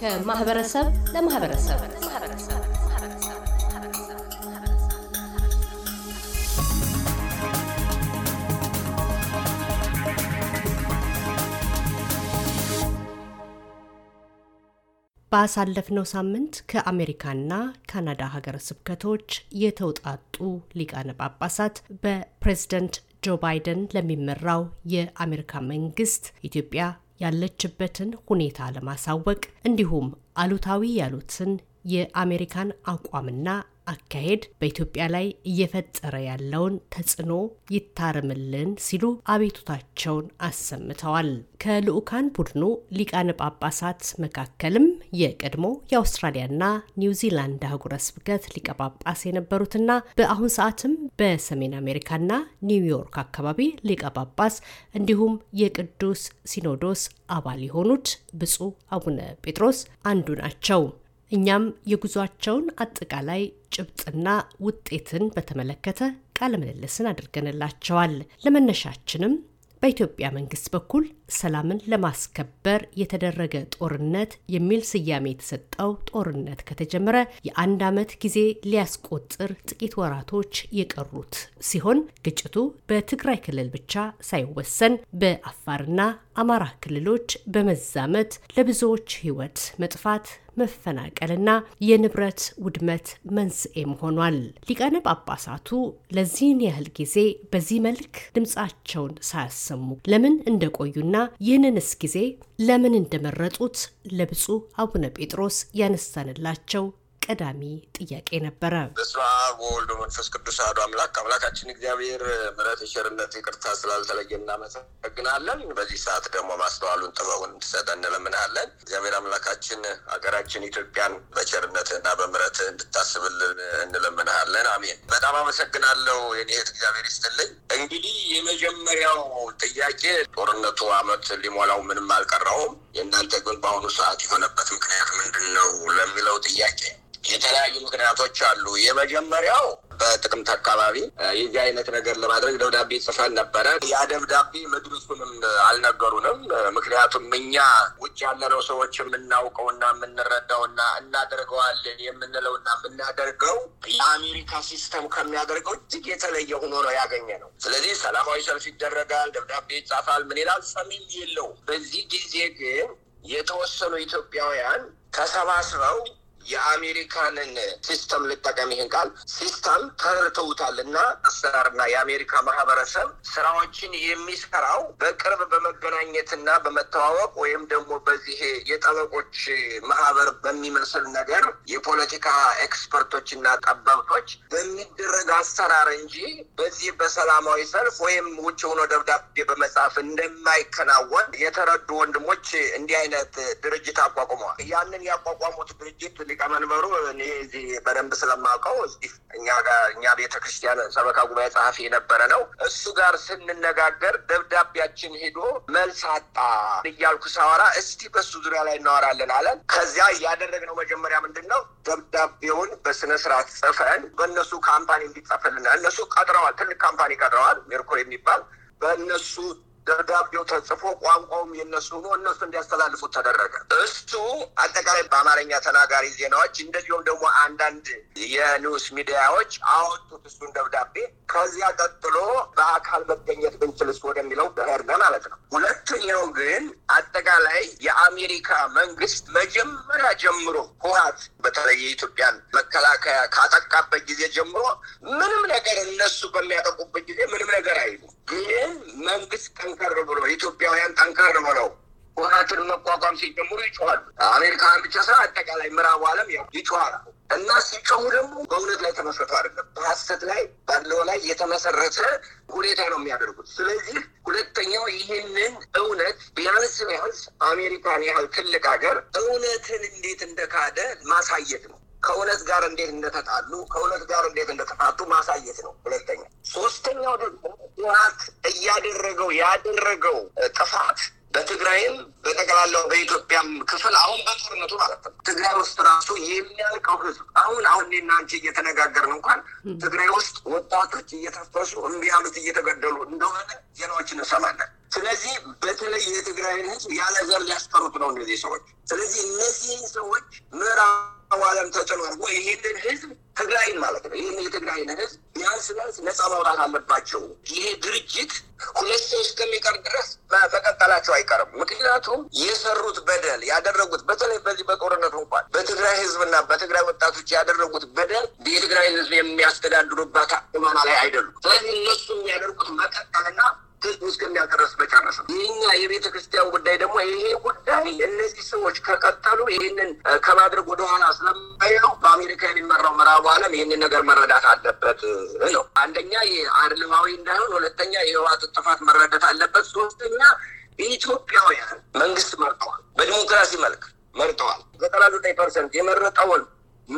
ከማህበረሰብ ለማህበረሰብ ባሳለፍነው ሳምንት ከአሜሪካና ካናዳ ሀገረ ስብከቶች የተውጣጡ ሊቃነ ጳጳሳት በፕሬዝደንት ጆ ባይደን ለሚመራው የአሜሪካ መንግስት ኢትዮጵያ ያለችበትን ሁኔታ ለማሳወቅ እንዲሁም አሉታዊ ያሉትን የአሜሪካን አቋምና አካሄድ በኢትዮጵያ ላይ እየፈጠረ ያለውን ተጽዕኖ ይታረምልን ሲሉ አቤቱታቸውን አሰምተዋል። ከልዑካን ቡድኑ ሊቃነ ጳጳሳት መካከልም የቀድሞ የአውስትራሊያና ኒውዚላንድ አህጉረ ስብከት ሊቀ ጳጳስ የነበሩትና በአሁን ሰዓትም በሰሜን አሜሪካና ኒውዮርክ አካባቢ ሊቀ ጳጳስ እንዲሁም የቅዱስ ሲኖዶስ አባል የሆኑት ብፁዕ አቡነ ጴጥሮስ አንዱ ናቸው። እኛም የጉዟቸውን አጠቃላይ ጭብጥና ውጤትን በተመለከተ ቃለ ምልልስን አድርገንላቸዋል። ለመነሻችንም በኢትዮጵያ መንግስት በኩል ሰላምን ለማስከበር የተደረገ ጦርነት የሚል ስያሜ የተሰጠው ጦርነት ከተጀመረ የአንድ ዓመት ጊዜ ሊያስቆጥር ጥቂት ወራቶች የቀሩት ሲሆን ግጭቱ በትግራይ ክልል ብቻ ሳይወሰን በአፋርና አማራ ክልሎች በመዛመት ለብዙዎች ህይወት መጥፋት መፈናቀልና የንብረት ውድመት መንስኤም ሆኗል። ሊቃነ ጳጳሳቱ ለዚህን ያህል ጊዜ በዚህ መልክ ድምፃቸውን ሳያሰሙ ለምን እንደቆዩና ይህንንስ ጊዜ ለምን እንደመረጡት ለብፁዕ አቡነ ጴጥሮስ ያነሳንላቸው ቀዳሚ ጥያቄ ነበረ። በስመ አብ ወወልድ ወመንፈስ ቅዱስ አሐዱ አምላክ። አምላካችን እግዚአብሔር ምሕረት፣ ቸርነት፣ ይቅርታ ስላልተለየ እናመሰግናለን። በዚህ ሰዓት ደግሞ ማስተዋሉን ጥበቡን እንድሰጠን እንለምናለን። እግዚአብሔር አምላካችን ሀገራችን ኢትዮጵያን በቸርነትና በምሕረት እንድታስብልን እንለምናለን። አሜን። በጣም አመሰግናለሁ የኔ እህት፣ እግዚአብሔር ይስጥልኝ። እንግዲህ የመጀመሪያው ጥያቄ ጦርነቱ አመት ሊሞላው ምንም አልቀረውም። የእናንተ ግን በአሁኑ ሰዓት የሆነበት ምክንያት ምንድን ነው ለሚለው ጥያቄ የተለያዩ ምክንያቶች አሉ። የመጀመሪያው በጥቅምት አካባቢ የዚህ አይነት ነገር ለማድረግ ደብዳቤ ጽፈን ነበረ። ያ ደብዳቤ መድረሱንም አልነገሩንም። ምክንያቱም እኛ ውጭ ያለነው ሰዎች የምናውቀውና የምንረዳውና እናደርገዋለን የምንለውና የምናደርገው የአሜሪካ ሲስተም ከሚያደርገው እጅግ የተለየ ሆኖ ነው ያገኘ ነው። ስለዚህ ሰላማዊ ሰልፍ ይደረጋል፣ ደብዳቤ ይጻፋል፣ ምን ይላል፣ ሰሚም የለው። በዚህ ጊዜ ግን የተወሰኑ ኢትዮጵያውያን ተሰባስበው የአሜሪካንን ሲስተም ልጠቀም ይህን ቃል ሲስተም ተርተውታል እና አሰራርና የአሜሪካ ማህበረሰብ ስራዎችን የሚሰራው በቅርብ በመገናኘትና በመተዋወቅ ወይም ደግሞ በዚህ የጠበቆች ማህበር በሚመስል ነገር የፖለቲካ ኤክስፐርቶችና ጠበብቶች በሚደረግ አሰራር እንጂ በዚህ በሰላማዊ ሰልፍ ወይም ውጭ ሆኖ ደብዳቤ በመጻፍ እንደማይከናወን የተረዱ ወንድሞች እንዲህ አይነት ድርጅት አቋቁመዋል። ያንን ያቋቋሙት ድርጅት ሊቀመንበሩ እኔ እዚህ በደንብ ስለማውቀው እዚህ እኛ ጋር እኛ ቤተክርስቲያን ሰበካ ጉባኤ ጸሐፊ የነበረ ነው። እሱ ጋር ስንነጋገር ደብዳቤያችን ሄዶ መልስ አጣ እያልኩ ሳወራ እስቲ በሱ ዙሪያ ላይ እናወራለን አለን። ከዚያ እያደረግነው መጀመሪያ ምንድን ነው ደብዳቤውን በስነ ስርዓት ጽፈን በእነሱ ካምፓኒ እንዲጻፍልና እነሱ ቀጥረዋል፣ ትልቅ ካምፓኒ ቀጥረዋል፣ ሜርኩሪ የሚባል በእነሱ ደብዳቤው ተጽፎ ቋንቋውም የነሱ ሆኖ እነሱ እንዲያስተላልፉት ተደረገ። እሱ አጠቃላይ በአማርኛ ተናጋሪ ዜናዎች እንደዚሁም ደግሞ አንዳንድ የኒውስ ሚዲያዎች አወጡት እሱን ደብዳቤ። ከዚያ ቀጥሎ በአካል መገኘት ብንችል እሱ ወደሚለው ሄድነ ማለት ነው። ሁለተኛው ግን አጠቃላይ የአሜሪካ መንግስት መጀመሪያ ጀምሮ ህወሓት በተለይ የኢትዮጵያን መከላከያ ካጠቃበት ጊዜ ጀምሮ ምንም ነገር እነሱ በሚያጠቁበት ጊዜ ምንም ነገር አይሉ ግን መንግስት ጠንከር ብሎ ኢትዮጵያውያን ጠንከር ብለው ውሃትን መቋቋም ሲጀምሩ ይጮኋሉ። አሜሪካን ብቻ ስራ አጠቃላይ ምዕራቡ ዓለም ይጮኋሉ እና ሲጮሁ ደግሞ በእውነት ላይ ተመስርቶ አይደለም በሀሰት ላይ ባለው ላይ የተመሰረተ ሁኔታ ነው የሚያደርጉት። ስለዚህ ሁለተኛው ይህንን እውነት ቢያንስ ቢያንስ አሜሪካን ያህል ትልቅ ሀገር እውነትን እንዴት እንደካደ ማሳየት ነው። ከእውነት ጋር እንዴት እንደተጣሉ፣ ከእውነት ጋር እንዴት እንደተፋቱ ማሳየት ነው። ሁለተኛ ሶስተኛው ደግሞ ህወሀት እያደረገው ያደረገው ጥፋት በትግራይም በጠቅላላው በኢትዮጵያም ክፍል አሁን በጦርነቱ ማለት ነው። ትግራይ ውስጥ ራሱ የሚያልቀው ህዝብ አሁን አሁን እኔና አንቺ እየተነጋገርን እንኳን ትግራይ ውስጥ ወጣቶች እየተፈሱ እምቢ ያሉት እየተገደሉ እንደሆነ ዜናዎችን እንሰማለን። ስለዚህ በተለይ የትግራይን ህዝብ ያለ ዘር ሊያስቀሩት ነው እነዚህ ሰዎች። ስለዚህ እነዚህን ሰዎች ምዕራብ ዋለም ተጽዕኖ አድርጎ ይህንን ህዝብ ትግራይን ማለት ነው ይህን የትግራይን ህዝብ ቢያንስ ቢያንስ ነፃ ማውጣት አለባቸው። ይሄ ድርጅት ሁለት ሰው እስከሚቀር ድረስ መቀጠላቸው አይቀርም። ምክንያቱም የሰሩት በደል ያደረጉት በተለይ በዚህ በጦርነቱ እንኳን በትግራይ ህዝብና በትግራይ ወጣቶች ያደረጉት በደል የትግራይን ህዝብ የሚያስተዳድሩባት አማና ላይ አይደሉም። ስለዚህ እነሱ የሚያደርጉት መቀጠልና ህዝቡ እስከሚያደረስ መጨረስ ነው። ይህኛ የቤተ ክርስቲያን ጉዳይ ደግሞ ይሄ ጉዳይ እነዚህ ሰዎች ከቀጠሉ ይህንን ከማድረግ ወደኋላ ስለማይሉ በአሜሪካ የሚመራው ምዕራቡ ዓለም ይህንን ነገር መረዳት አለበት ነው። አንደኛ አድልማዊ እንዳይሆን፣ ሁለተኛ የህወሓት ጥፋት መረዳት አለበት፣ ሶስተኛ ኢትዮጵያውያን መንግስት መርጠዋል። በዲሞክራሲ መልክ መርጠዋል። ዘጠና ዘጠኝ ፐርሰንት የመረጠውን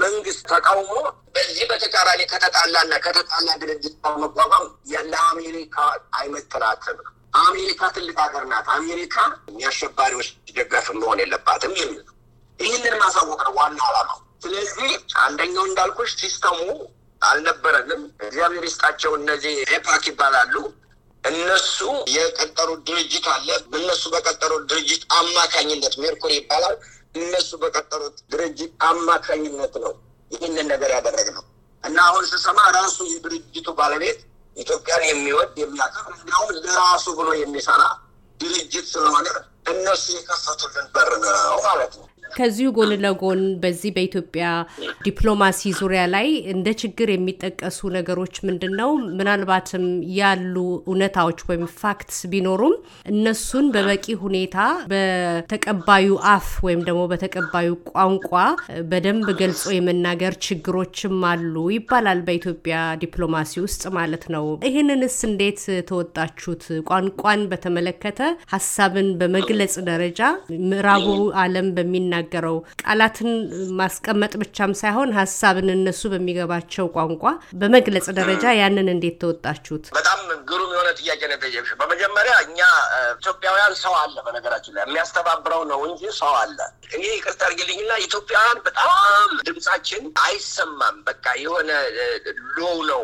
መንግስት ተቃውሞ በዚህ በተቃራኒ ከተጣላና ከተጣላ ድርጅት መቋቋም ለአሜሪካ አይመጥናትም። አሜሪካ ትልቅ ሀገር ናት። አሜሪካ የአሸባሪዎች ደጋፊ መሆን የለባትም የሚል ይህንን ማሳወቅ ነው ዋና አላማው። ስለዚህ አንደኛው እንዳልኩሽ ሲስተሙ አልነበረንም። እግዚአብሔር ይስጣቸው። እነዚህ ሄፓክ ይባላሉ። እነሱ የቀጠሩ ድርጅት አለ። እነሱ በቀጠሩ ድርጅት አማካኝነት ሜርኩሪ ይባላል እነሱ በቀጠሩት ድርጅት አማካኝነት ነው ይህንን ነገር ያደረግ ነው። እና አሁን ስሰማ ራሱ የድርጅቱ ባለቤት ኢትዮጵያን የሚወድ የሚያከብር እንዲሁም ለራሱ ብሎ የሚሰራ ድርጅት ስለሆነ እነሱ የከፈቱልን በር ነው ማለት ነው። ከዚሁ ጎን ለጎን በዚህ በኢትዮጵያ ዲፕሎማሲ ዙሪያ ላይ እንደ ችግር የሚጠቀሱ ነገሮች ምንድን ነው? ምናልባትም ያሉ እውነታዎች ወይም ፋክትስ ቢኖሩም እነሱን በበቂ ሁኔታ በተቀባዩ አፍ ወይም ደግሞ በተቀባዩ ቋንቋ በደንብ ገልጾ የመናገር ችግሮችም አሉ ይባላል በኢትዮጵያ ዲፕሎማሲ ውስጥ ማለት ነው። ይህንንስ እንዴት ተወጣችሁት? ቋንቋን በተመለከተ ሀሳብን በመግለጽ ደረጃ ምዕራቡ ዓለም በሚናገ የሚናገረው ቃላትን ማስቀመጥ ብቻም ሳይሆን ሀሳብን እነሱ በሚገባቸው ቋንቋ በመግለጽ ደረጃ ያንን እንዴት ተወጣችሁት? ግሩም የሆነ ጥያቄ ነው የጠየቅሽ። በመጀመሪያ እኛ ኢትዮጵያውያን ሰው አለ፣ በነገራችን ላይ የሚያስተባብረው ነው እንጂ ሰው አለ። እኔ ይቅርታ አድርጊልኝና ኢትዮጵያውያን በጣም ድምጻችን አይሰማም። በቃ የሆነ ሎው ነው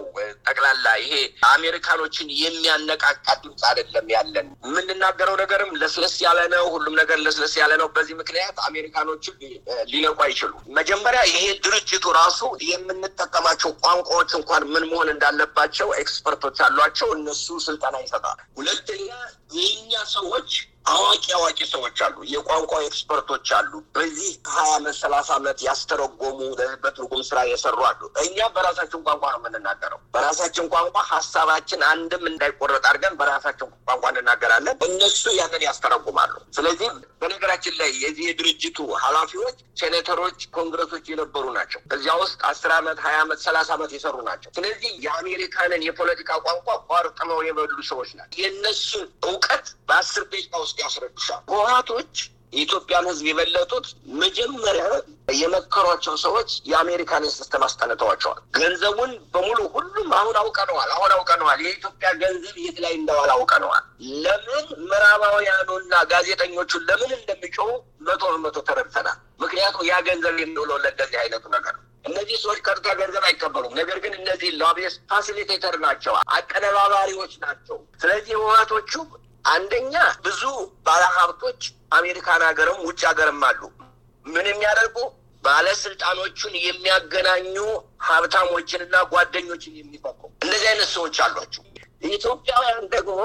ጠቅላላ። ይሄ አሜሪካኖችን የሚያነቃቃ ድምፅ አይደለም ያለን። የምንናገረው ነገርም ለስለስ ያለ ነው። ሁሉም ነገር ለስለስ ያለ ነው። በዚህ ምክንያት አሜሪካኖችን ሊነቁ አይችሉ። መጀመሪያ ይሄ ድርጅቱ ራሱ የምንጠቀማቸው ቋንቋዎች እንኳን ምን መሆን እንዳለባቸው ኤክስፐርቶች አሏቸው። እነሱ ስልጠና ይሰጣል። ሁለተኛ የእኛ ሰዎች አዋቂ አዋቂ ሰዎች አሉ፣ የቋንቋ ኤክስፐርቶች አሉ። በዚህ ሀያ አመት ሰላሳ አመት ያስተረጎሙ በትርጉም ስራ የሰሩ አሉ። እኛ በራሳችን ቋንቋ ነው የምንናገረው። በራሳችን ቋንቋ ሀሳባችን አንድም እንዳይቆረጥ አድርገን በራሳችን ቋንቋ እንናገራለን። እነሱ ያንን ያስተረጉማሉ። ስለዚህ በነገራችን ላይ የዚህ የድርጅቱ ኃላፊዎች ሴኔተሮች፣ ኮንግረሶች የነበሩ ናቸው። እዚያ ውስጥ አስር አመት ሀያ አመት ሰላሳ አመት የሰሩ ናቸው። ስለዚህ የአሜሪካንን የፖለቲካ ቋንቋ ቋርጥመው የበሉ ሰዎች ናቸው። የእነሱን እውቀት በአስር ደቂቃ ውስጥ ያስረዱሻል። ህወሓቶች የኢትዮጵያን ህዝብ የበለጡት መጀመሪያ የመከሯቸው ሰዎች የአሜሪካን ሲስተም አስጠንተዋቸዋል። ገንዘቡን በሙሉ ሁሉም አሁን አውቀነዋል፣ አሁን አውቀነዋል፣ የኢትዮጵያ ገንዘብ የት ላይ እንደዋል አውቀነዋል። ለምን ምዕራባውያኑና ጋዜጠኞቹን ለምን እንደሚጮው መቶ በመቶ ተረድተናል። ምክንያቱም ያ ገንዘብ የሚውለው ለእንደዚህ አይነቱ ነገር እነዚህ ሰዎች ቀጥታ ገንዘብ አይቀበሉም። ነገር ግን እነዚህ ሎቢስ ፋሲሊቴተር ናቸው፣ አቀነባባሪዎች ናቸው። ስለዚህ ህወሓቶቹ አንደኛ ብዙ ባለሀብቶች አሜሪካን ሀገርም ውጭ ሀገርም አሉ። ምን የሚያደርጉ ባለስልጣኖቹን የሚያገናኙ ሀብታሞችንና ጓደኞችን የሚፈቁ እንደዚህ አይነት ሰዎች አሏቸው። ኢትዮጵያውያን ደግሞ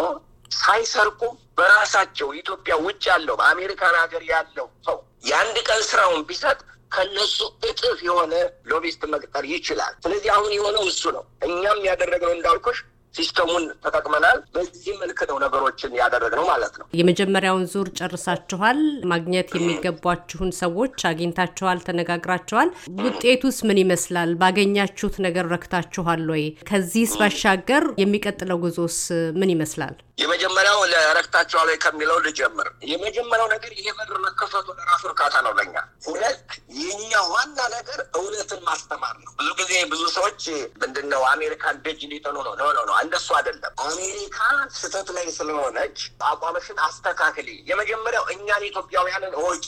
ሳይሰርቁ በራሳቸው ኢትዮጵያ ውጭ ያለው በአሜሪካን ሀገር ያለው ሰው የአንድ ቀን ስራውን ቢሰጥ ከነሱ እጥፍ የሆነ ሎቢስት መቅጠር ይችላል። ስለዚህ አሁን የሆነው እሱ ነው። እኛም ያደረግነው እንዳልኩሽ ሲስተሙን ተጠቅመናል። በዚህ መልክ ነው ነገሮችን ያደረግነው ማለት ነው። የመጀመሪያውን ዙር ጨርሳችኋል። ማግኘት የሚገቧችሁን ሰዎች አግኝታችኋል፣ ተነጋግራችኋል። ውጤቱስ ምን ይመስላል? ባገኛችሁት ነገር ረክታችኋል ወይ? ከዚህስ ባሻገር የሚቀጥለው ጉዞስ ምን ይመስላል? የመጀመሪያው ለረክታቸው ላይ ከሚለው ልጀምር። የመጀመሪያው ነገር ይሄ ምድር መከፈቱ ለራሱ እርካታ ነው ለኛ። ሁለት የኛ ዋና ነገር እውነትን ማስተማር ነው። ብዙ ጊዜ ብዙ ሰዎች ምንድነው አሜሪካን ደጅ ሊጠኑ ነው ነው ነው እንደሱ አይደለም። አሜሪካ ስህተት ላይ ስለሆነች አቋምሽን አስተካክል። የመጀመሪያው እኛን ኢትዮጵያውያንን እወቂ፣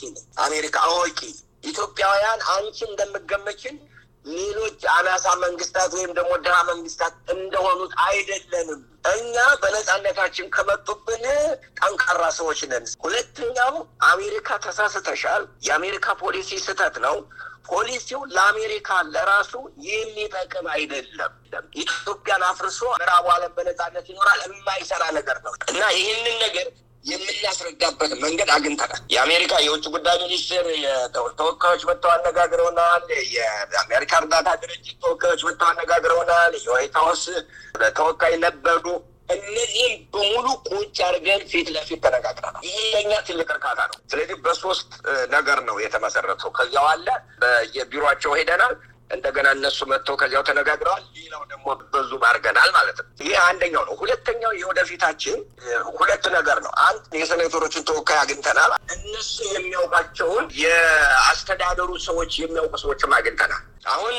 አሜሪካ እወቂ። ኢትዮጵያውያን አንቺ እንደምገመችን ሌሎች አናሳ መንግስታት ወይም ደግሞ ድሃ መንግስታት እንደሆኑት አይደለንም። እኛ በነፃነታችን ከመጡብን ጠንካራ ሰዎች ነን። ሁለተኛው አሜሪካ ተሳስተሻል፣ የአሜሪካ ፖሊሲ ስህተት ነው። ፖሊሲው ለአሜሪካ ለራሱ የሚጠቅም አይደለም። ኢትዮጵያን አፍርሶ ምዕራቡ ዓለም በነፃነት ይኖራል የማይሰራ ነገር ነው እና ይህንን ነገር የምናስረዳበት መንገድ አግኝተናል። የአሜሪካ የውጭ ጉዳይ ሚኒስቴር ተወካዮች መጥተው አነጋግረውናል። የአሜሪካ እርዳታ ድርጅት ተወካዮች መጥተው አነጋግረውናል። የዋይት ሀውስ ተወካይ ነበሩ። እነዚህም በሙሉ ቁጭ አድርገን ፊት ለፊት ተነጋግረናል። ይህ ለኛ ትልቅ እርካታ ነው። ስለዚህ በሶስት ነገር ነው የተመሰረተው። ከዚያው አለ በየቢሮቸው ሄደናል። እንደገና እነሱ መጥተው ከዚያው ተነጋግረዋል። ሌላው ደግሞ በዙም አድርገናል ማለት ነው። ይህ አንደኛው ነው። ሁለተኛው የወደፊታችን ሁለት ነገር ነው። አንድ የሴኔተሮችን ተወካይ አግኝተናል። እነሱ የሚያውቃቸውን የአስተዳደሩ ሰዎች የሚያውቁ ሰዎችም አግኝተናል። አሁን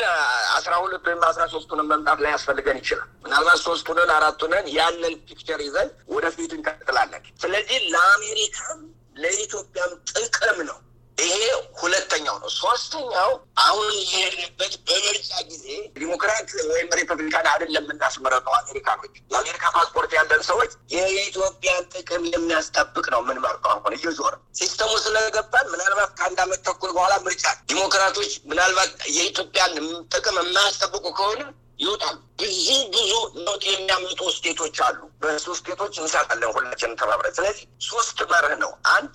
አስራ ሁለት ወይም አስራ ሶስቱንን መምጣት ላይ ያስፈልገን ይችላል። ምናልባት ሶስቱንን አራቱንን ያንን ፒክቸር ይዘን ወደፊት እንቀጥላለን። ስለዚህ ለአሜሪካም ለኢትዮጵያም ጥቅም ነው ይሄ ሁለተኛው ነው። ሶስተኛው አሁን የሄድንበት በምርጫ ጊዜ ዲሞክራት ወይም ሪፐብሊካን አይደለም የምናስመረጠው አሜሪካኖች። የአሜሪካ ፓስፖርት ያለን ሰዎች የኢትዮጵያን ጥቅም የሚያስጠብቅ ነው የምንመርጠው። አሁን እየዞር ሲስተሙ ስለገባን ምናልባት ከአንድ አመት ተኩል በኋላ ምርጫ ዲሞክራቶች ምናልባት የኢትዮጵያን ጥቅም የማያስጠብቁ ከሆነ ይወጣል። ብዙ ብዙ ለውጥ የሚያመጡ ስቴቶች አሉ። በሶስት ስቴቶች እንሰራለን ሁላችንም ተባብረን። ስለዚህ ሶስት መርህ ነው። አንድ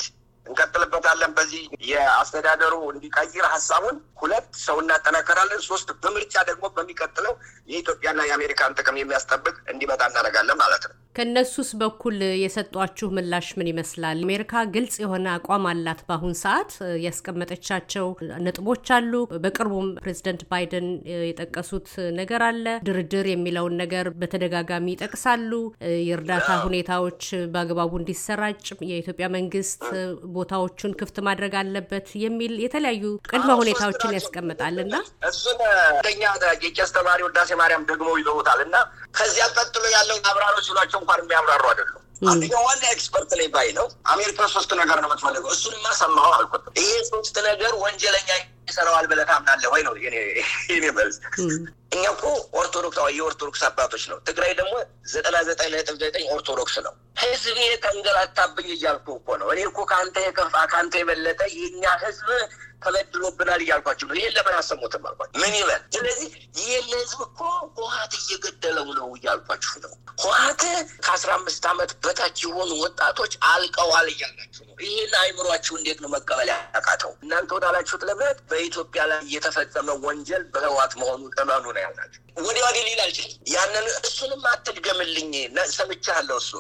እንቀጥልበታለን። በዚህ የአስተዳደሩ እንዲቀይር ሀሳቡን ሁለት ሰው እናጠናከራለን። ሶስት በምርጫ ደግሞ በሚቀጥለው የኢትዮጵያና የአሜሪካን ጥቅም የሚያስጠብቅ እንዲመጣ እናደርጋለን ማለት ነው። ከእነሱስ በኩል የሰጧችሁ ምላሽ ምን ይመስላል? አሜሪካ ግልጽ የሆነ አቋም አላት። በአሁን ሰዓት ያስቀመጠቻቸው ነጥቦች አሉ። በቅርቡም ፕሬዚደንት ባይደን የጠቀሱት ነገር አለ። ድርድር የሚለውን ነገር በተደጋጋሚ ይጠቅሳሉ። የእርዳታ ሁኔታዎች በአግባቡ እንዲሰራጭ የኢትዮጵያ መንግስት ቦታዎቹን ክፍት ማድረግ አለበት የሚል የተለያዩ ቅድመ ሁኔታዎችን ያስቀምጣል እና እሱን እንደኛ የቄስ ተማሪ ውዳሴ ማርያም ደግሞ ይዘውታል እና ከዚያ ቀጥሎ ያለው አብራሮች ሲሏቸው እንኳን የሚያብራሩ አይደሉም። አንደኛው ዋና ኤክስፐርት ላይ ባይ ነው። አሜሪካ ሶስት ነገር ነው የምትፈልገው። እሱን ማሰማው አልኩት። ይሄ ሶስት ነገር ወንጀለኛ ይሰራዋል ብለህ ታምናለህ ወይ ነው የኔ መልስ። እኛ እኮ ኦርቶዶክሳዊ የኦርቶዶክስ አባቶች ነው። ትግራይ ደግሞ ዘጠና ዘጠኝ ነጥብ ዘጠኝ ኦርቶዶክስ ነው። ህዝብ ተንገላታብኝ እያልኩ እኮ ነው። እኔ እኮ ከአንተ የከፋ ከአንተ የበለጠ የኛ ህዝብ ተበድሎብናል እያልኳቸው ነው። ይህን ለምን አሰሙትም አልኳቸው። ምን ይበል? ስለዚህ ይህን ህዝብ እኮ ህወሓት እየገደለው ነው እያልኳችሁ ነው። ህወሓት ከአስራ አምስት አመት በታች የሆኑ ወጣቶች አልቀዋል እያላችሁ ነው። ይህን አይምሯችሁ እንዴት ነው መቀበል ያቃተው? እናንተ ወዳላችሁት ለምነት በኢትዮጵያ ላይ እየተፈጸመ ወንጀል በህዋት መሆኑ እመኑ ነው ያላችሁ። ወዲያ ወዲህ ሊል አልችል ያንን እሱንም አትድገምልኝ፣ ሰምቻለሁ። እሱ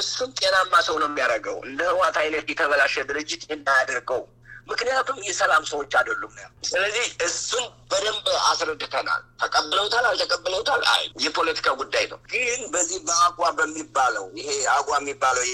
እሱም ጤናማ ሰው ነው የሚያደርገው። እንደ ህዋት አይነት የተበላሸ ድርጅት እንዳያደርገው ምክንያቱም የሰላም ሰዎች አይደሉም። ስለዚህ እሱን በደንብ አስረድተናል። ተቀብለውታል አልተቀብለውታል፣ አይ የፖለቲካ ጉዳይ ነው። ግን በዚህ በአጓ በሚባለው ይሄ አጓ የሚባለው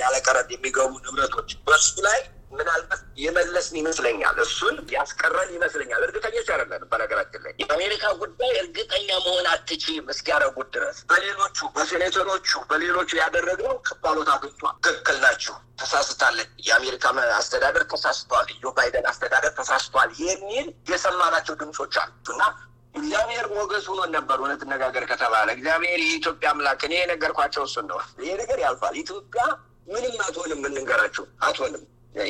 ያለቀረጥ የሚገቡ ንብረቶች በሱ ላይ ምናልባት የመለስን ይመስለኛል፣ እሱን ያስቀረን ይመስለኛል። እርግጠኞች አይደለንም። በነገራችን ላይ የአሜሪካ ጉዳይ እርግጠኛ መሆን አትችይም እስኪያደርጉት ድረስ በሌሎቹ በሴኔተሮቹ በሌሎቹ ያደረግነው ክባሎት አግኝቷል። ትክክል ናችሁ፣ ተሳስታለን፣ የአሜሪካ አስተዳደር ተሳስተዋል፣ ጆ ባይደን አስተዳደር ተሳስተዋል የሚል የሰማናቸው ድምፆች አሉ እና እግዚአብሔር ሞገስ ሆኖ ነበር። እውነት ነጋገር ከተባለ እግዚአብሔር የኢትዮጵያ አምላክ እኔ የነገርኳቸው እሱ ነው። ይሄ ነገር ያልፋል። ኢትዮጵያ ምንም አትሆንም፣ እንንገራችሁ አትሆንም።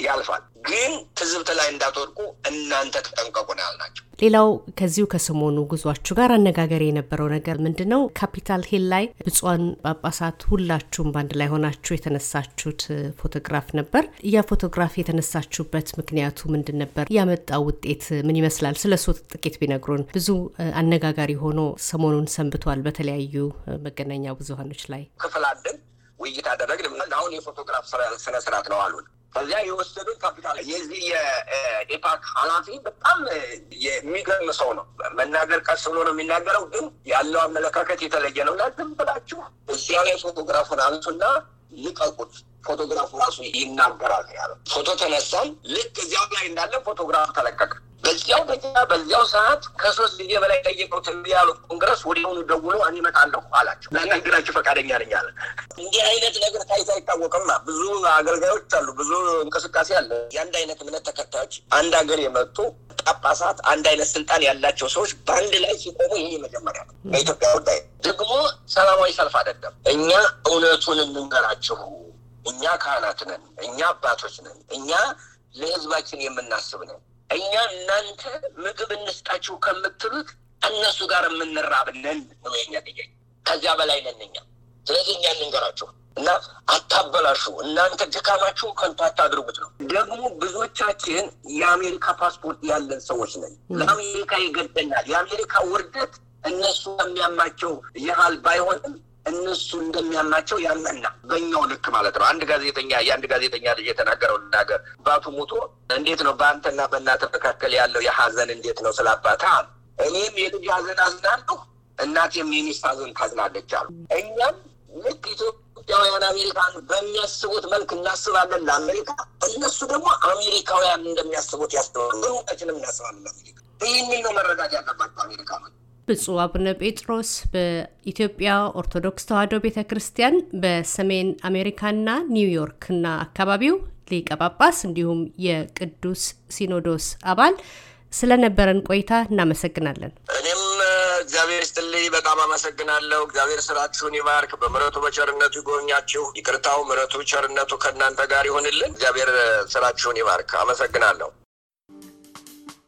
ያልፋል። ግን ትዝብት ላይ እንዳትወድቁ እናንተ ተጠንቀቁ ነው ያልናቸው። ሌላው ከዚሁ ከሰሞኑ ጉዟችሁ ጋር አነጋገር የነበረው ነገር ምንድን ነው? ካፒታል ሂል ላይ ብፁዓን ጳጳሳት ሁላችሁም በአንድ ላይ ሆናችሁ የተነሳችሁት ፎቶግራፍ ነበር። ያ ፎቶግራፍ የተነሳችሁበት ምክንያቱ ምንድን ነበር? ያመጣው ውጤት ምን ይመስላል? ስለ እሱ ጥቂት ቢነግሩን። ብዙ አነጋጋሪ ሆኖ ሰሞኑን ሰንብቷል በተለያዩ መገናኛ ብዙሀኖች ላይ። ክፍል አድን ውይይት አደረግን። አሁን የፎቶግራፍ ስነስርዓት ነው አሉን ከዚያ የወሰዱት ካፒታል የዚህ የኢፓክ ኃላፊ በጣም የሚገርም ሰው ነው። መናገር ቀስ ብሎ ነው የሚናገረው፣ ግን ያለው አመለካከት የተለየ ነው እና ዝም ብላችሁ እዚያ ላይ ፎቶግራፉን አንሱና ልቀቁት፣ ፎቶግራፉ ራሱ ይናገራል ያለ ፎቶ ተነሳን። ልክ እዚያው ላይ እንዳለ ፎቶግራፍ ተለቀቀ። በዚያው በኛ በዚያው ሰዓት ከሶስት ጊዜ በላይ ጠየቀው ትንቢያ ያሉ ኮንግረስ ወዲያውኑ ደውሎ እኔ እመጣለሁ አላቸው። ላናግራችሁ ፈቃደኛ ነኝ አለ። እንዲህ አይነት ነገር ታይቶ አይታወቅማ። ብዙ አገልጋዮች አሉ፣ ብዙ እንቅስቃሴ አለ። የአንድ አይነት እምነት ተከታዮች አንድ ሀገር የመጡ ጳጳሳት አንድ አይነት ስልጣን ያላቸው ሰዎች በአንድ ላይ ሲቆሙ ይህ መጀመሪያ ነው። በኢትዮጵያ ጉዳይ ደግሞ ሰላማዊ ሰልፍ አይደለም። እኛ እውነቱን እንንገራችሁ። እኛ ካህናት ነን፣ እኛ አባቶች ነን፣ እኛ ለህዝባችን የምናስብ ነን። እኛ እናንተ ምግብ እንስጣችሁ ከምትሉት እነሱ ጋር የምንራብነን ነው የኛ ጥያቄ። ከዚያ በላይ ነንኛ። ስለዚህ እኛ እንንገራችሁ እና አታበላሹ። እናንተ ድካማችሁ ከንቱ አታድርጉት ነው። ደግሞ ብዙዎቻችን የአሜሪካ ፓስፖርት ያለን ሰዎች ነን። ለአሜሪካ ይገደናል። የአሜሪካ ውርደት እነሱ የሚያማቸው ያህል ባይሆንም እነሱ እንደሚያምናቸው ያምናና በእኛው ልክ ማለት ነው። አንድ ጋዜጠኛ የአንድ ጋዜጠኛ ልጅ የተናገረው ነገር አባቱ ሙቶ እንዴት ነው በአንተና በእናትህ መካከል ያለው የሀዘን እንዴት ነው ስለ እኔም የልጅ ሀዘን አዝናለሁ፣ እናቴም የሚስት ሀዘን ታዝናለች አሉ። እኛም ልክ ኢትዮጵያውያን አሜሪካን በሚያስቡት መልክ እናስባለን ለአሜሪካ፣ እነሱ ደግሞ አሜሪካውያን እንደሚያስቡት ያስባሉ። ሁላችንም እናስባለን ለአሜሪካ። ይህንን ነው መረዳት ያለባቸው አሜሪካኖች። ብፁዕ አቡነ ጴጥሮስ በኢትዮጵያ ኦርቶዶክስ ተዋሕዶ ቤተ ክርስቲያን በሰሜን አሜሪካና ኒውዮርክና አካባቢው ሊቀ ጳጳስ እንዲሁም የቅዱስ ሲኖዶስ አባል ስለነበረን ቆይታ እናመሰግናለን። እኔም እግዚአብሔር ይስጥልኝ በጣም አመሰግናለሁ። እግዚአብሔር ስራችሁን ይባርክ፣ በምረቱ በቸርነቱ ይጎብኛችሁ። ይቅርታው ምረቱ፣ ቸርነቱ ከእናንተ ጋር ይሆንልን። እግዚአብሔር ስራችሁን ይባርክ። አመሰግናለሁ።